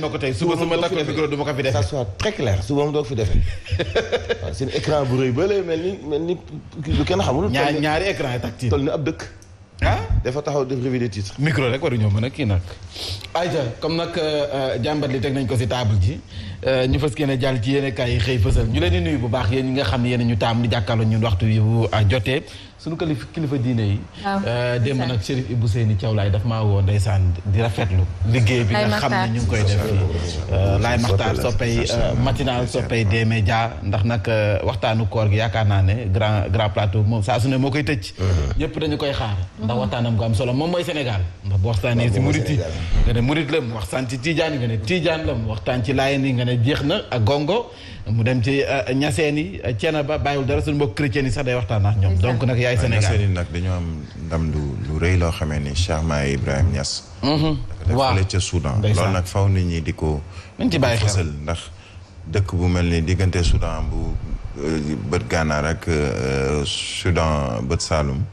ma ko tey suba su ma takkee micro du ma ko fi defee. ça soit très clair suba mu doog fi defee waaw seen écran bu rëy ba lay mel ni mel ni lu kenn xamul. ñaari ñaari écran yi tactile toll ni ab dëkk. ah dafa taxaw def revue de titre. micro rek waru ñoo mën a kii nag. ayca comme nag euh, euh, jàmbat li teg nañ ko si table ji euh, ñu fas yéene jàll ci yéen kaay yi xëy fësal ñu leen nuyu bu baax yéen ñi nga xam ne ñu taam di jàkkaarloo ñun waxtu yu jotee. suñu kilifa kilifa diine yi. waaw ah, euh, démb nag Chérif Ibou Seyni Thiaw laay daf maa woo ndeysaan di rafetlu. liggéey bi nga xam ne ñu ngi koy def fii. Laay Maxtaar soppay euh, matinal soppay des médias ndax nag euh, waxtaanu koor gi yaakaar naa ne grand grand plateau moom saa su ne moo koy tëj. Mm-hmm. ñëpp dañu koy xaar. Mm-hmm. ndax waxtaanam ko am solo moom mooy Sénégal. ndax bu waxtaanee si murit yi nga ne murit la mu waxtaan ci Tidiane nga ne Tidiane la mu waxtaan ci Laayeen yi nga ne jeex na ak Gongo. mu dem ci ñaseen euh, yi ceena ba bàyyiwul dara suñu mbokk chrétien yi sax day waxtaan ak ñoom donc nag yaay Sénégal ñaseen yi nag dañoo am ndam lu lu rëy loo xamee ni Cheikh Mahi Ibrahim Niass mhm. waaw dafa ca Soudan loolu nag faw nit ñi di ko nañ ci bàyyi xel ndax dëkk bu mel ni diggante Soudan bu euh, bët gànnaar ak euh, Soudan bët Saalum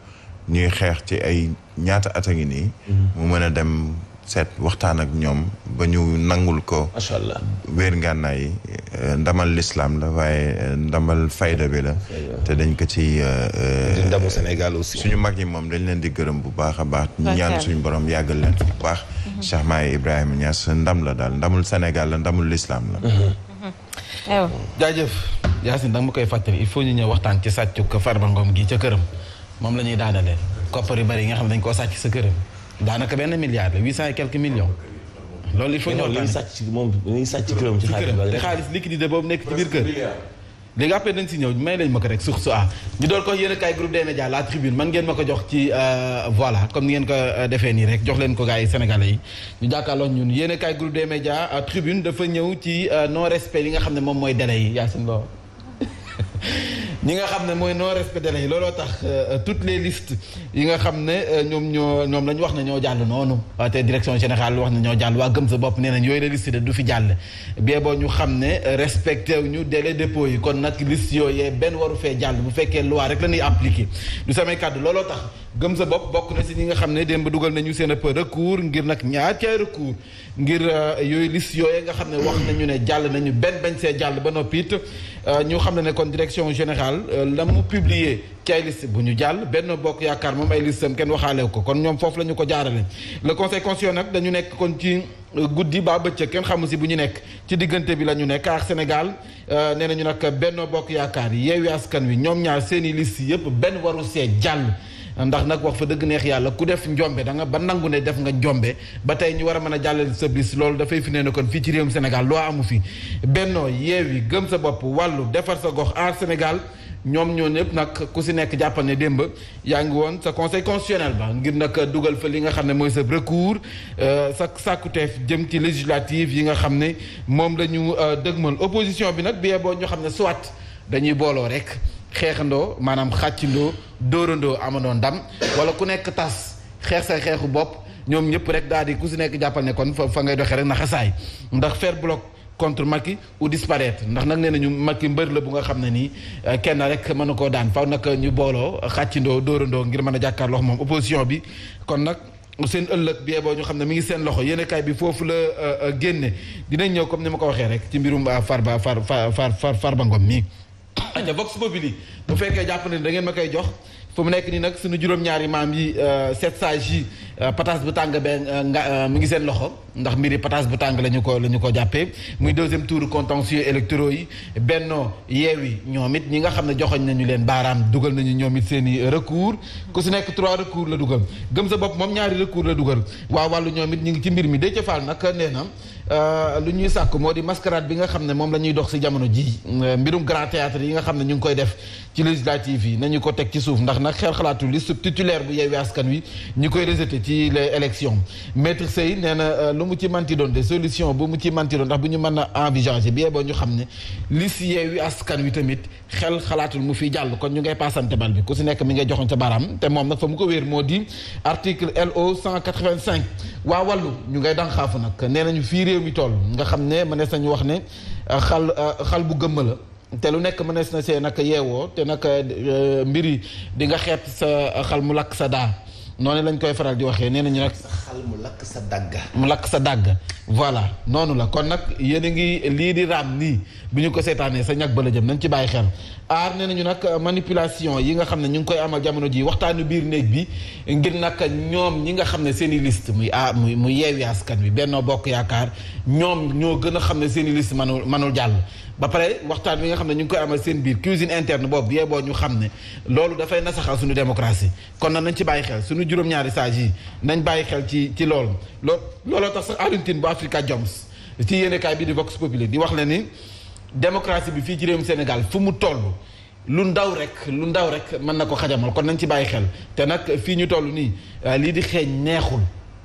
ñuy xeex ci ay ñaata at a ngi nii mhm. mu mën a dem seet waxtaan ak ñoom ba ñu nangul ko. macha allah ngànnaay yi euh, ndamal lislaam la waaye euh, ndamal fayda bi la. te dañ ko ci. Euh, di ndamu Sénégal aussi. suñu mag yi moom dañ leen di gërëm bu baax a baax. ñu ñaan suñu borom yàggal leen bu baax. Mhm. Cheikh Mahi Ibrahima ñaas ndam la daal ndamul Sénégal la ndamul lislaam la. aywa mhm. mhm. jaajëf. Yacine da ma koy fàttali il faut ñu ñëw waxtaan ci sàccu Farba Ngom gi ca këram moom la ñuy daanaleel koppar yu bari yi nga xam ne dañ koo sàcc sa këram. daanaka benn milliard la huit cent et quelques millions. loolu il faut ñu waxtaanee sàcc moom dañuy sàcc ci këram. ci këram te xaalis liquidité boobu nekk ci biir kër. léegi si ñëw may lañ ma ko rek suuf su ah ñu doon ko yéen a kaay groupe des médias la tribune man ngeen ma ko euh, comme ni ko euh, defee nii rek jox leen ko gars yi sénégalais yi ñu jàkkaarloo ñun yéen a kaay groupe des médias tribune dafa ñëw ci euh, non respect yi nga xam ne moom mooy délai yi yaa seen loolu ñi nga xam ne mooy non respect looloo tax euh, toutes les listes yi nga xam ne euh, ñoom ñoo ñoom la ñu wax ne ñoo jàll noonu te direction générale wax ne ñoo jàll waa gëm sa bopp nee nañ yooyu la liste de du fi jàll bee boo ñu xam ne euh, respecté wu ñu délai dépôt yi kon nag liste yooyee benn waru fee jàll bu fekkee loi rek la ñuy appliqué du samay kàddu looloo tax gëm sa bopp bokk na si ñi nga xam ne démb dugal nañu seen ëpp recours ngir nag ñaar caay recours ngir euh, yooyu liste yooyu nga xam ne wax nañu ne jàll nañu benn bañ see jàll ba noppi it euh, ñu xam ne ne kon direction générale euh, la mu publier ci ay bu ñu jàll benn bokk yaakaar moom ay listam kenn waxaale ko kon ñoom foofu la ñu ko jaarale le conseil constitutionnel nag dañu nekk kon ci guddi ba bëccëg kenn xamu si bu ñu nekk ci diggante bi la ñu nekk ak Sénégal nee nañu nag benn bokk yaakaar yeewi askan wi ñoom ñaar seen i liste yëpp benn waru see jàll ndax nag wax fa dëgg neex yàlla ku def njombe da nga ba nangu ne def nga njombe ba tey ñu war a mën a jàllale sa bis loolu dafay fi nee ne kon fii ci réewum Sénégal loo amu fi bennoo yi gëm sa bopp wàllu defar sa gox aar Sénégal ñoom ñoo ñëpp nag ku si nekk jàppal ne démb yaa ngi woon sa conseil constitutionnel ba ngir nag dugal fa li nga xam ne mooy sa recours euh, sa sàkkuteef jëm ci législative yi nga xam ne moom la ñu euh, dëgmal opposition bi nag bi yeboo xam ne soit dañuy booloo rek xeexandoo maanaam xàccindoo dóorandoo amandoo ndam wala ku nekk tas xeex sa xeexu bopp ñoom ñëpp rek daal di ku si nekk jàppal ne kon fa fa ngay doxee rek na xasaay ndax faire bloc contre Macky ou disparaître ndax nag nee nañu Macky mbër la bu nga xam ne nii eh, kenn rek mën na koo daan faw nag ñu booloo xàccindoo dóorandoo ngir mën a jàkkaarloo moom opposition bi kon nag seen ëllëg bi boo ñu xam ne mi ngi seen loxo yéen bi foofu la eh, eh, génne dinañ ñëw comme ni ma ko waxee rek ci mbirum ah, Farba Far Far Farba Ngom mi aca vox populi bu fekkee jàpp ne da ngeen ma koy jox fu mu nekk nii nag suñu juróom-ñaari maam yi euh, sept sages yi euh, patas bu tàng be euh, nga mu ngi seen loxo ndax mbiri patas bu tàng la ñu ko la ñu ko jàppee muy deuxième tour contentieux électoraux yi Benno Yewwi ñoom it ñi nga xam ne joxoñ nañu leen baaraam dugal nañu ñoom it seen i recours ku su nekk trois recours la dugal gëm sa bopp moom ñaari recours la dugal waa wàllu ñoom it ñu ngi ci mbir mi Déthié Fall nag nee na Euh, lu ñuy sàkk moo di mascarade bi nga xam ne moom la ñuy dox si jamono ji euh, mbirum grand théâtre yi nga xam ne ñu ngi koy def ci législative yi nañu ko teg ci suuf ndax nag xel xalaatu liste titulaire bu Yewwi Askan Wi ñu koy rejeté ci les élections maître Sey nee euh, lu mu ci manti doon de solution bu mu ci manti doon ndax bu ñu mën a envisager bi boo ñu xam ne liste Yewwi Askan Wi tamit xel xalaatul mu fi jàll kon ñu ngay paasante bal bi ku si nekk mi ngay joxoon sa baaraam te moom nag fa mu ko wéer moo di article réew mi toll nga xam ne mënees nañu wax ne euh, xal euh, xal bu gëmm la te lu nekk mënees na see nag yeewoo te nag euh, mbir yi di nga xeet sa xal mu lakk sa daa noonu lañ koy faral di waxee nee nañu nag. sa xal mu lakk sa dagg. mu lakk sa dagg voilà noonu la kon nag yéen a ngi lii di raam nii bu ñu ko seetaanee sa ñag ba la nañ ci bàyyi xel. aar nee nañu nag manipulation yi nga xam ne ñu ngi koy amal jamono ji waxtaanu biir néeg bi ngir nag ñoom ñi nga xam ne seen i liste muy ah muy mu yeewi askan wi bennoo bokk yaakaar ñoom ñoo gën a xam ne seen i liste manul manul jàll. ba pare waxtaan bi nga xam ne ñu ngi koy amal seen biir cuisine interne boobu yee boo ñu xam ne loolu dafay nasaxal suñu démocratie kon nag nañ ci bàyyi xel suñu juróom-ñaari yi nañ bàyyi xel ci ci lool looloo tax sax Alioune Tine bu Africa Jobs ci yéenekaay bi di Vox Populi di wax ne ni démocratie bi fii ci réewum Sénégal fu mu toll lu ndaw rek lu ndaw rek mën na ko xajamal kon nañ ci bàyyi xel te nag fii ñu toll nii euh, lii di xeeñ neexul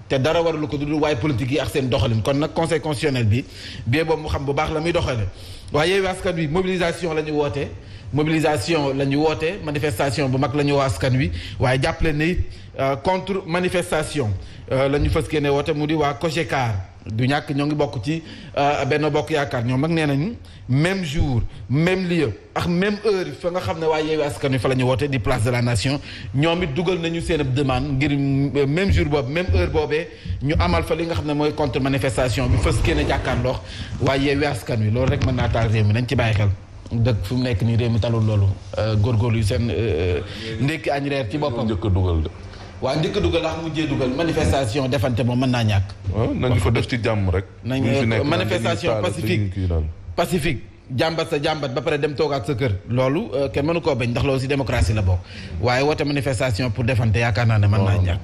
te dara waralu ko du dul waaye politique yi ak seen doxalin kon nag conseil constitutionnel bi bee boobu mu xam bu baax la muy doxale waa Yewwi Askan Wi mobilisation la ñu woote mobilisation la ñu woote manifestation bu mag la ñu woo askan wi waaye jàppale ne euh, contre manifestation euh, la ñu fas yéene woote mu di waa COJECAR du ñàkk ñoo ngi bokk ci euh, benn bokk yaakaar ñoom nag nee nañu même jour même lieu ak même heure fa nga xam ne waa yeewi askan wi fa la ñu woote di place de la nation ñoom it dugal nañu seen ab demande ngir euh, même jour boobu même heure boobee ñu amal fa li nga xam ne mooy contre manifestation bi fës kenn jàkkaarloo waaye yeewi askan wi loolu rek mën naa taal réew mi nañ ci bàyyi xel. dëkk fu mu nekk nii réew mi talul loolu euh, góorgóorlu yu seen ndékki añ reer ci boppam njëkk a dugal waa njëkk dugal ndax mujjee dugal manifestation defante moom mën naa ñàkk. waaw nañu ko def ci jàmm rek. nañu eh, manifestation pacifique pacifique. jàmbat sa jàmbat ba pare dem toog ak sa kër. loolu eh, kenn mënu koo bañ ndax loolu si démocratie la bokk. waaye woote manifestation pour defante yaakaar naa ne mën naa ñàkk.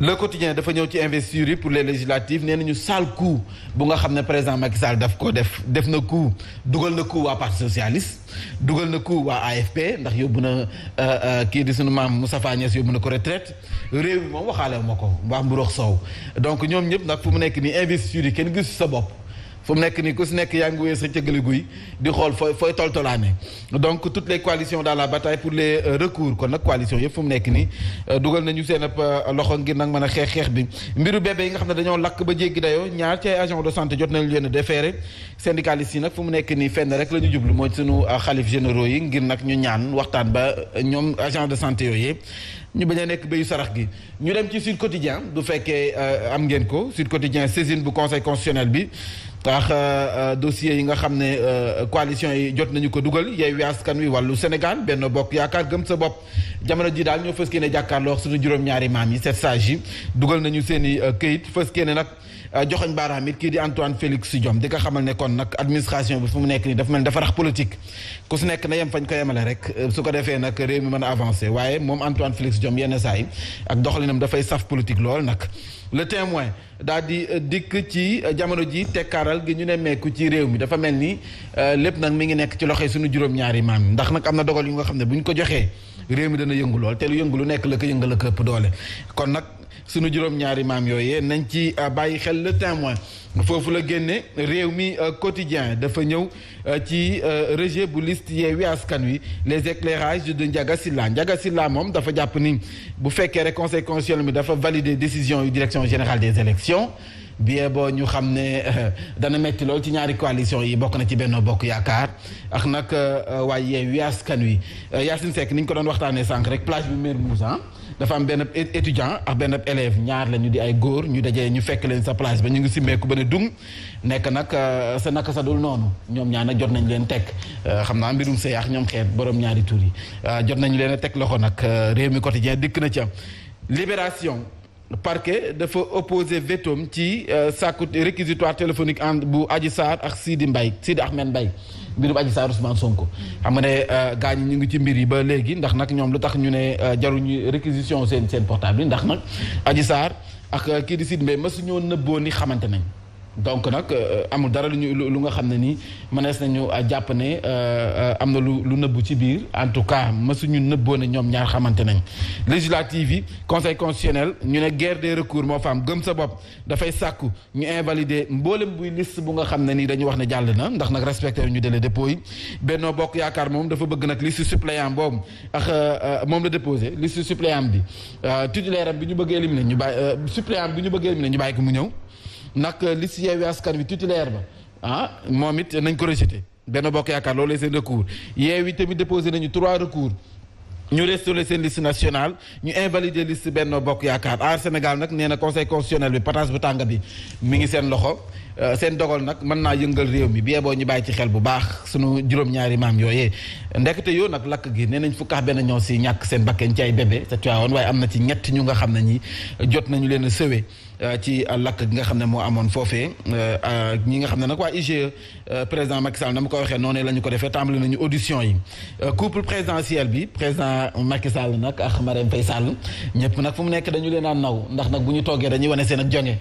le quotidien dafa ñëw ci investiture yi pour les législatives nee nañu sale coup bu nga xam ne président Macky Sall daf ko def def na coup dugal na coup waa parti socialiste dugal na coup waa AFP ndax yóbbu na euh, euh, kii di sunu maam Moustapha Niasse yóbbu na ko retraite réew mi moom waxaale ma ko waa mburox soow donc ñoom ñëpp nag fu mu nekk nii investiture yi kenn gis sa bopp fu mu nekk nii ku si nekk yaa ngi wéy sa cëggali guy di xool fooy fooy toltolaane donc toutes les coalitions dans la bataille pour les euh, recours ko nag coalition yëpp fu mu nekk nii euh, dugal nañu seen euh, loxo ngir nag mën a xeex xeex bi mbiru bébé yi nga xam ne dañoo lakk ba jéggi dayoo ñaar ci de santé jot nañu leen a déféré syndicalistes yi nag fu mu nekk nii fenn rek la ñu jublu mooy suñu xalif généraux yi ngir nag ñu ñaan waxtaan ba ñoom agent de santé yooyu ñu bañ a nekk béyu sarax gi ñu dem ci Sud Quotidien du fekkee am ngeen ko Sud Quotidien saisine bu conseil constitutionnel bi ndax euh, euh, dossier yi nga xam ne euh, coalition yi jot nañu ko dugal Yewwi Askan Wi wàllu Sénégal benn bokk yaakaar gëm sa bopp jamono ji daal ñoo fës kee ne jàkkaarloo suñu juróom-ñaari maam yi sept sages yi dugal nañu seen i këyit fës kee ne nag Euh, joxoñ baaraam it kii di Antoine Félix Diome di ko xamal ne kon nag administration bi fu mu nekk nii dafa mel dafa rax politique ku su nekk na yem fañ ko yemale rek euh, su ko defee nag réew mi mën a avancé waaye moom Antoine Félix Diome yenn saa yi ak dafay saf politique lool nag le témoin daal di euh, dikk ci jamono ji tekkaaral gi ñu ne ci réew mi dafa mel ni lépp nag mi ngi nekk ci loxoy suñu juróom-ñaari maam ndax nag am na dogal yu nga xam ne bu ñu ko joxee réew mi dana yëngu lool te lu yëngu lu nekk la ko yëngal la ko doole kon nag sunu juróom-ñaari maam yooyee nañ ci euh, bàyyi xel le témoin foofu la génne réew mi euh, quotidien dafa ñëw euh, ci rejet bu liste Yewwi Askan Wi les éclairages de Ndiaga Sylla Ndiaga Sylla moom dafa jàpp ni bu fekkee rek conséquence constitutionnel bi dafa valider décision yu direction générale des élections bien boo ñu xam ne dana metti lool ci ñaari coalition yi bokk na ci Benno Bokk Yaakaar ak nag waaye Yewwi Askan Wi Yacine Seck ni ñu ko doon waxtaanee sànq rek plage bi Mermoz dafa am benn étudiant ak benn élève ñaar la ñu di ay góor ñu dajee ñu fekk leen sa place ba ñu ngi simmeeku ba ne dung nekk nag euh, sa naka sa dul noonu ñoom ñaar nag jot nañ leen teg euh, xam naa mbirum sëy ak ñoom xeet borom ñaari tur yi euh, jot nañ leen a teg loxo nag réew mi quotidien dikk na ca libération parquet dafa opposé vétom ci euh, sàkku réquisitoire téléphonique en bu Adji saar ak Sidi Mbaye Sidi Ahmed Mbaye mbirum Adji Sarr Ousmane Sonko xam nga ne euh, gaañ ñu ngi ci mbir yi ba léegi ndax nag ñoom lu tax ñu ne euh, jaruñu réquisition seen seen portable yi ndax nag Adji Sarr ak kii di mbay Mbaye mësu ñoo nëbboo ni xamante nañ donc nag euh, amul dara lu ñu lu nga xam ne nii mënees nañu euh, jàpp ne euh, am na lu lu nëbbu ci biir en tout cas mësuñu nëbboo ne ñoom ñaar xamante nañ législative yi conseil constitutionnel ñu ne guerre des recours moo fa gëm sa bopp dafay sàkku ñu invalider mboolem buy liste bu nga xam ne nii dañu wax ne jàll na ndax nag respecté ñu délai dépôt yi Benno Bokk Yaakaar moom dafa bëgg nag liste suppléant boobu ak moom la déposé liste suppléant bi titulaire bi ñu bëgg éliminer ñu bàyyi suppléant bi ñu bëgg éliminer ñu bàyyi ko mu ñëw nag euh, liste Yewwi Askan Wi titulaire ba ah moom it nañ ko rejeté benn bokk yaakaar loolu seen recours Yewwi tamit déposé nañu trois recours ñu restauré seen liste national ñu invalider liste Benno Bokk Yaakaar Aar Sénégal nag nee na conseil constitutionnel bi pataas bu tànga bi mi ngi seen loxo Euh, seen dogal nag mën naa yëngal réew mi bi boo ñu bàyyi ci xel bu baax suñu juróom-ñaari maam yooyee ndekete yoon nag lakk gi nee nañ fukk ak benn ñoo si ñàkk seen bakkeen ay bébé te tuwaawoon waaye am na ci ñett ñu nga xam ne ñi jot nañu leen a sëwee euh, ci lakk gi nga xam ne moo amoon foofee euh, ñi nga xam ne nag waa IGE président Macky na mu ko waxee noonu la ko defee tàmbali nañu audition yi couple présidentiel bi président Macky Sall nag ak Marème Faye Sall ñëpp nag fu mu nekk dañu leen a naw ndax nag bu ñu toogee dañuy wane seen ak jonge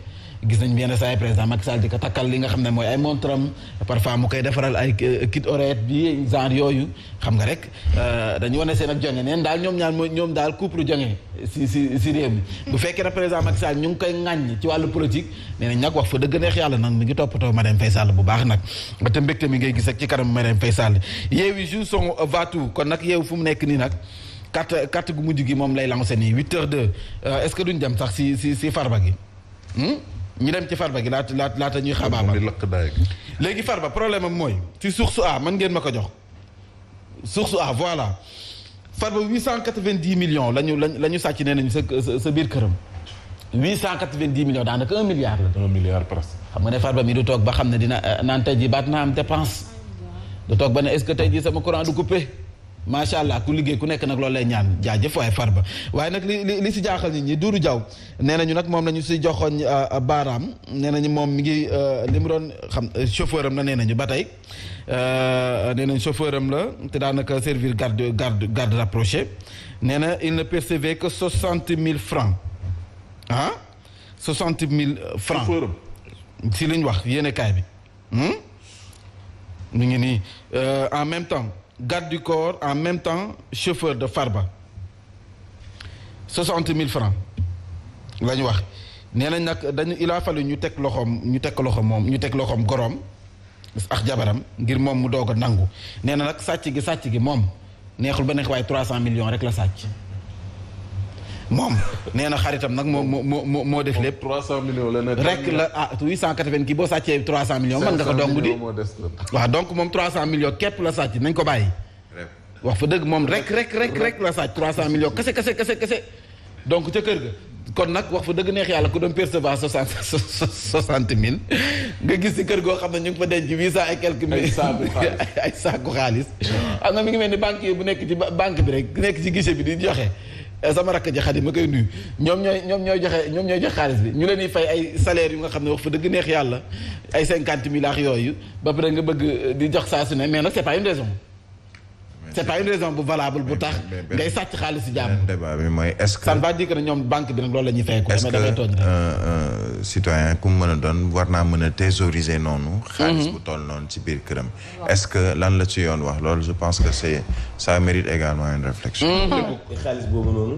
gis nañ yenn saa yi président Macky Sall di ko takkal li nga xam ne mooy ay montram parfois mu koy defaral ay euh, kit oreet bi genre yooyu xam nga rek euh, dañu wane seen ak jonge neen daal ñoom ñaan mooy ñoom daal couple jonge si si réew mi hmm. bu fekkee ne président Macky Sall ñu ngi koy ŋàññ ci wàllu politique nee nañ nag wax fa dëgg neex yàlla nag mi ngi toppatoo Marième Faye Sall bu baax nag te mbégte mi ngay gis ak ci kanam Marième Faye Sall yeewi jour son vatou ko nag yeew fu mu nekk nii nag carte carte gu mujj gi moom lay lancé nii huit heures deux euh, est-ce que duñ dem sax si si si farba gi hmm? ñu dem ci far farba gi laata laata ñuy xabaabal léegi farba problème am mooy ci source A man ngeen ma ko jox source A voilà farba 890 millions la ñu la ñu sàcc nee nañu sa sa biir këram 890 millions daanaka 1 milliard la. 1 milliard presque. xam nga ne farba mi du toog ba xam ne dina euh, naan tey baat naa am dépense du toog ba ne est-ce tey jii sama courant du coupé. macha allah ku liggéey ku nekk nag loolu lay ñaan jaajëf waaye farba waaye nag li li li si jaaxal nit ñi Doudou Diaw nee nañu nag moom la ñu si joxoñ euh, baaraam nee nañu moom mi ngi euh, li mu doon xam chauffeur am la nee nañu ba tey euh, nee nañ chauffeur am la te daanaka servir garde garde rapproché nee na il ne percevait que soixante mille francs ah mille francs si li ñu wax yéene kaay bi hmm? mu ngi nii en même temps garde du corps en même temps chauffeur de Farba 60 000 francs la ñu wax nee nañ nag dañu il a ñu teg loxoom ñu teg loxo moom ñu teg loxoom goroom ak jabaram ngir moom mu doog a nangu nee na nag sàcc gi sàcc gi moom neexul ba neex waaye 300 millions rek la sàcc. moom nee na xaritam nag moo moo moo moo def lépp. 300 millions la nekk rek la ah 880 kii boo sàccee 300 millions. mën nga ko dong di waaw donc moom 300 millions képp la sàcc nañ ko bàyyi. wax fa dëgg moom rek rek rek rek la sàcc 300 millions kese kese kese kese. donc ca kër ga kon nag wax fa dëgg neex yàlla ku doon percevoir soixante soixante mille nga gis ci kër goo xam ne ñu ngi fa denc huit cent et quelques ay saaku xaalis am na mi ngi mel ni banque yi bu nekk ci banque bi rek nekk ci guichet bi di joxe. Eh, sama rakk ji xarit ma koy nuyu ñoom ñooy ñoom ñooy joxe ñoom ñooy joxe xaalis bi ñu leen di fay ay salaire yu nga xam ne wax fa dëgg neex yàlla ay cinquante mille yooyu ba pare nga bëgg di jox saa su ne mais nag c'est pas une raison c'est pas une raison bu valable bu tax ngay sàcc xaalis si jàmm débat est-ce que ça ne va dire euh, euh, mu mën a doon war naa mën a thésauriser noonu mhm. xaalis bu toll noonu ci biir këram est-ce que lan la ci yoon wax loolu je pense que c'est ça mérite également une réflexion mhm. xaalis boobu noonu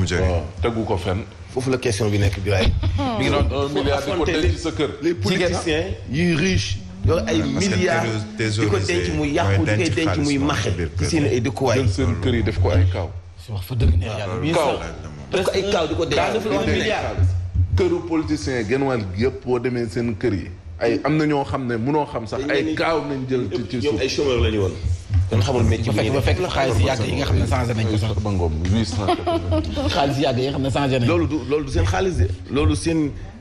mu jógee tegu ko fenn foofu la question bi nekk bi waaye mi ngi sa kër riche yor ay milliards di ko denc muy yàqu di koy denc muy maxe ci seen ay dëkkuwaay. jël seen kër yi def ko ay kaaw. wax fa dëgg ne yàlla kaaw def ko ay kaaw di ko denc. këru politicien genn wàll yëpp boo demee seen kër yi. ay am na ñoo xam ne munoo xam sax ay kaaw nañ jël ci ci suuf ay chômeur la ñu woon. kon xamul métier bi ba fekk xaalis yàgg yi nga xam ne changé nañ ko sax ba ngoom 800. xaalis yàgg yi nga xam ne changé nañ loolu du loolu du seen xaalis de loolu seen.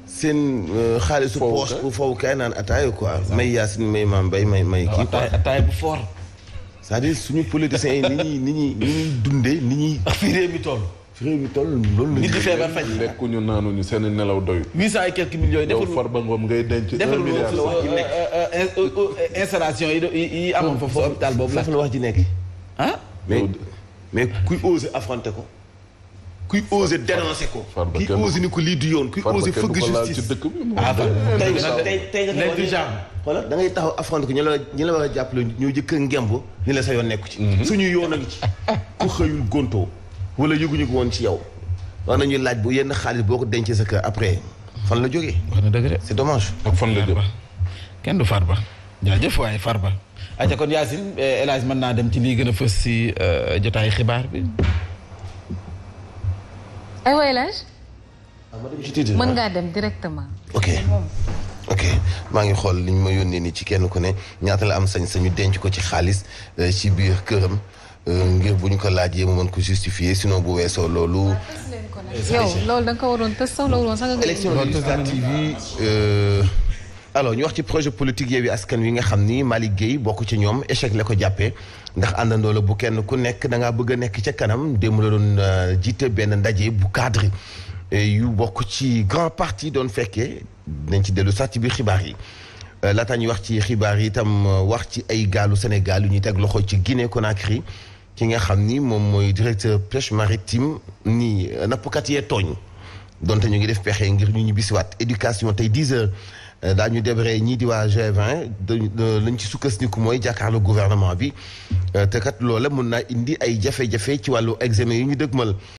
seen euh, xaalisu poche bu faw kaay naan ataaya quoi. may yaasin may maam bay may may. kii quoi ataaya bu fort. cest di suñu politiciens yi ni ñuy ni ñuy dundee ni ñuy. fi mi toll. fi réew mi toll loolu la. nit di feebar faj lekkuñu naanuñu seen nelaw doyul. huit cent et quelques millions yi deful yow Farba ngay denc. un milliard la wax ji installation yi yi amoon foofu hôpital boobu la. foofu la wax ji nekk. ah mais mais kuy oser affronter ko. kuy osé dénoncé ko. kuy osé ni ko lii du yoon kuy osé fëgg justice ah tey tey tey nga nekk da ngay taxaw affronté ko ñu la ñu la war a jàppale jëkk ngemb ñu la sa yoon nekku ci. suñu yoon a ngi ci ku xëyul gontoo wala yëguñu ko woon ci yow. war nañu laaj bu yenn xaalis boo ko dencee sa kër après fan la jógee. wax na dëgg si c'est dommage. ak fan la jógee kenn du Farba jaajëf waaye Farba. ayca kon Yacine El Hadj man naa dem ci lii gën a fës si jotaayu xibaar bi. aywa El Hadj. ngaa dem directement. ok ok maa ngi xool li ñu ma yónnee nii ci kenn ku ne ñaata la am sañ-sañu denc ko ci xaalis euh, ci biir këram euh, ngir bu ñu ko laajee mu mën ko justifier sinon bu weesoo loolu. Ah, yow loolu loolu woon sax nga. élection euh, ñu wax ci projet politique Yewwi Askan Wi nga xam ni Malick Gueye bokk ci ñoom échec la ko jàppee. ndax àndandoo la bu kenn ku nekk da ngaa bëgg a nekk ca kanam démb la doon euh, jiite benn ndaje bu cadre euh, yu bokk ci grand parti doon fekkee dañ ci dellu sax bi biir xibaar yi. Euh, laataa ñuy wax ci xibaar yi itam wax ci ay gaalu Sénégal yu ñuy teg loxo ci Guinée Conakry ki nga xam ni moom mooy directeur pêche maritime ni nappkat yee tooñ donte ñu ngi def pexe ngir ñu ñibbi ñibbisiwaat éducation tey 10 heures. Euh, daañu débré ñii di waa G20 euh, lañ ci sukkandiku mooy jàkkaarloo gouvernement bi euh, te kat loola mun naa indi ay jafe-jafe ci wàllu examen yi ñu dëgmal.